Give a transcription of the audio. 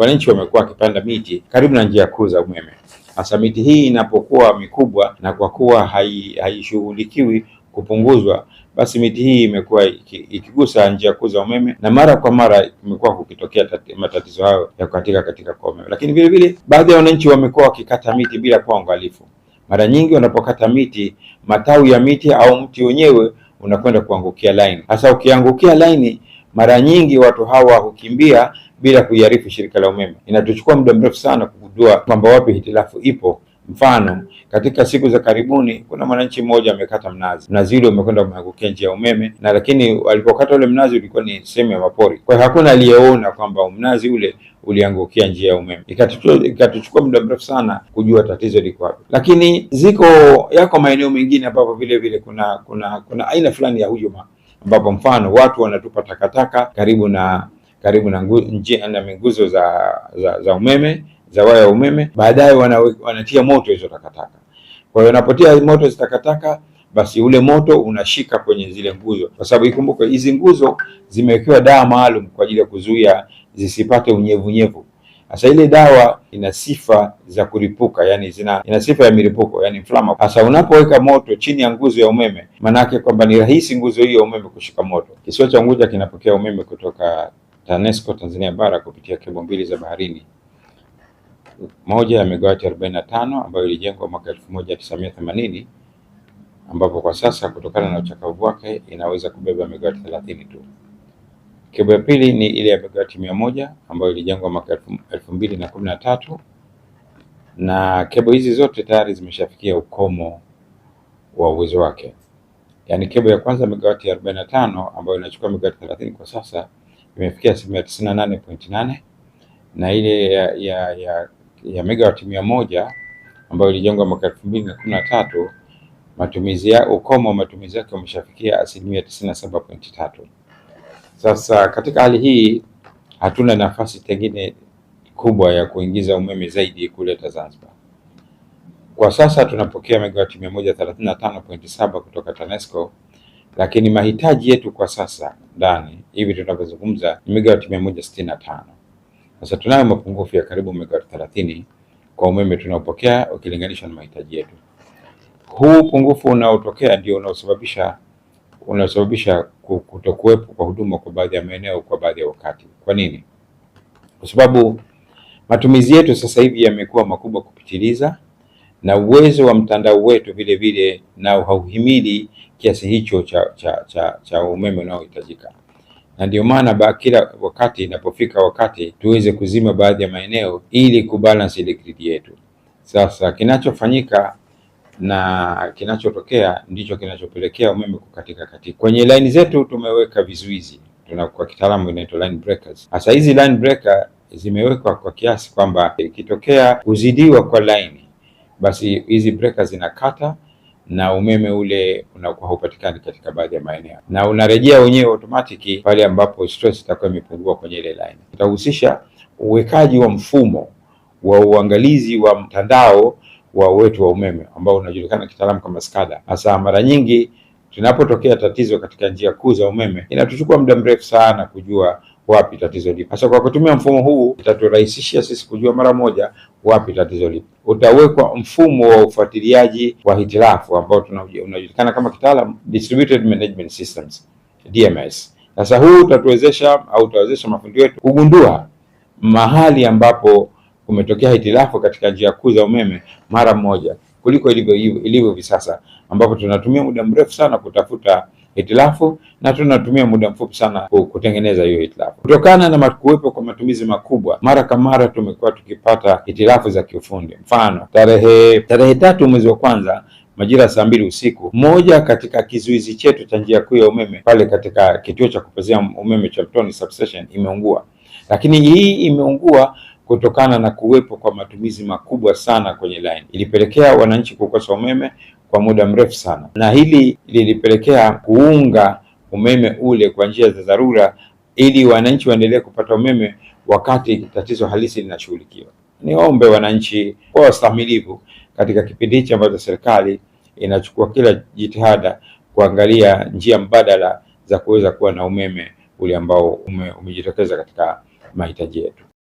wananchi wamekuwa wakipanda miti karibu na njia kuu za umeme. Sasa miti hii inapokuwa mikubwa na kwa kuwa haishughulikiwi hai kupunguzwa basi miti hii imekuwa ikigusa njia kuu za umeme na mara kwa mara imekuwa kukitokea matatizo hayo ya kukatika katika kwa umeme. Lakini vile vile baadhi ya wananchi wamekuwa wakikata miti bila kuwa uangalifu. Mara nyingi wanapokata miti, matawi ya miti au mti wenyewe unakwenda kuangukia laini. Sasa ukiangukia laini, mara nyingi watu hawa hukimbia bila kuiarifu shirika la umeme. Inatuchukua muda mrefu sana kugundua kwamba wapi hitilafu ipo. Mfano, katika siku za karibuni kuna mwananchi mmoja amekata mnazi, mnazi ule umekwenda umeangukia njia ya umeme, na lakini alipokata ule mnazi ulikuwa ni sehemu ya mapori, kwa hiyo hakuna aliyeona kwamba mnazi ule uliangukia njia ya umeme. Ikatuchukua muda mrefu sana kujua tatizo liko wapi, lakini ziko yako maeneo mengine ambapo vile vile kuna kuna kuna aina fulani ya hujuma, ambapo mfano watu wanatupa takataka karibu na karibu na njia na nguzo za, za, za umeme za waya umeme, baadaye wanatia moto hizo takataka. Kwa hiyo wanapotia moto hizo takataka, basi ule moto unashika kwenye zile nguzo, kwa sababu ikumbuke hizi nguzo zimewekewa dawa maalum kwa ajili ya kuzuia zisipate unyevunyevu. Sasa ile dawa ina sifa za kulipuka, yani zina, ina sifa ya milipuko, yani inflammable. Sasa unapoweka moto chini ya nguzo ya umeme, maanake kwamba ni rahisi nguzo hiyo ya umeme kushika moto. Kisiwa cha Unguja kinapokea umeme kutoka TANESCO Tanzania Bara kupitia kebo mbili za baharini, moja ya megawati 45 ambayo ilijengwa mwaka 1980 ambapo kwa sasa kutokana na uchakavu wake inaweza kubeba megawati 30 tu. Kebo ya pili ni ile ya megawati 100 ambayo ilijengwa mwaka 2013 na kebo hizi zote tayari zimeshafikia ukomo wa uwezo wake. Yaani kebo ya kwanza megawati 45 ambayo inachukua megawati 30 kwa sasa imefikia asilimia tisini na nane pointi nane na ile ya, ya, ya, ya megawati mia moja ambayo ilijengwa mwaka elfu mbili na kumi na tatu matumizi ya ukomo wa matumizi yake umeshafikia asilimia tisini na saba pointi tatu. Sasa katika hali hii hatuna nafasi tengine kubwa ya kuingiza umeme zaidi kuleta Zanzibar. Kwa sasa tunapokea megawati mia moja thelathini na tano pointi saba kutoka TANESCO lakini mahitaji yetu kwa sasa ndani hivi tunavyozungumza ni megawati mia moja sitini na tano. Sasa tunayo mapungufu ya karibu megawati thelathini kwa umeme tunaopokea ukilinganisha na mahitaji yetu. Huu upungufu unaotokea ndio unaosababisha unaosababisha kutokuwepo kwa huduma kwa baadhi ya maeneo kwa baadhi ya wakati. Kwa nini? Kwa sababu matumizi yetu sasa hivi yamekuwa makubwa kupitiliza na uwezo wa mtandao wetu vile vile nao hauhimili kiasi hicho cha, cha, cha, cha umeme unaohitajika, na ndio maana kila wakati inapofika wakati tuweze kuzima baadhi ya maeneo ili kubalance ile gridi yetu. Sasa kinachofanyika na kinachotokea ndicho kinachopelekea umeme kukatika katika. Kwenye laini zetu tumeweka vizuizi, tuna kwa kitaalamu inaitwa line breakers. Sasa hizi line breaker zimewekwa kwa kiasi kwamba ikitokea kuzidiwa kwa line basi hizi breka zinakata na umeme ule unakuwa haupatikani katika baadhi ya maeneo, na unarejea wenyewe automatic pale ambapo stress itakuwa imepungua kwenye ile line. Tutahusisha uwekaji wa mfumo wa uangalizi wa mtandao wa wetu wa umeme ambao unajulikana kitaalamu kama SCADA. Hasa mara nyingi tunapotokea tatizo katika njia kuu za umeme, inatuchukua muda mrefu sana kujua wapi tatizo lipo. Sasa kwa kutumia mfumo huu itaturahisishia sisi kujua mara moja wapi tatizo lipo. Utawekwa mfumo wa ufuatiliaji wa hitilafu ambao unajulikana kama kitaalam Distributed Management Systems DMS. Sasa huu utatuwezesha au utawezesha mafundi wetu kugundua mahali ambapo kumetokea hitilafu katika njia kuu za umeme mara moja kuliko ilivyo hivi sasa ambapo tunatumia muda mrefu sana kutafuta hitilafu na tunatumia muda mfupi sana kutengeneza hiyo hitilafu. Kutokana na kuwepo kwa matumizi makubwa, mara kwa mara tumekuwa tukipata hitilafu za kiufundi. Mfano, tarehe tarehe tatu mwezi wa kwanza majira ya saa mbili usiku, moja katika kizuizi chetu cha njia kuu ya umeme pale katika kituo cha kupozea umeme cha Lutoni substation imeungua, lakini hii imeungua kutokana na kuwepo kwa matumizi makubwa sana kwenye line, ilipelekea wananchi kukosa umeme, kwa muda mrefu sana, na hili lilipelekea kuunga umeme ule kwa njia za dharura ili wananchi waendelee kupata umeme wakati tatizo halisi linashughulikiwa. Niombe wananchi kwa wastahimilivu katika kipindi hichi ambacho serikali inachukua kila jitihada kuangalia njia mbadala za kuweza kuwa na umeme ule ambao ume, umejitokeza katika mahitaji yetu.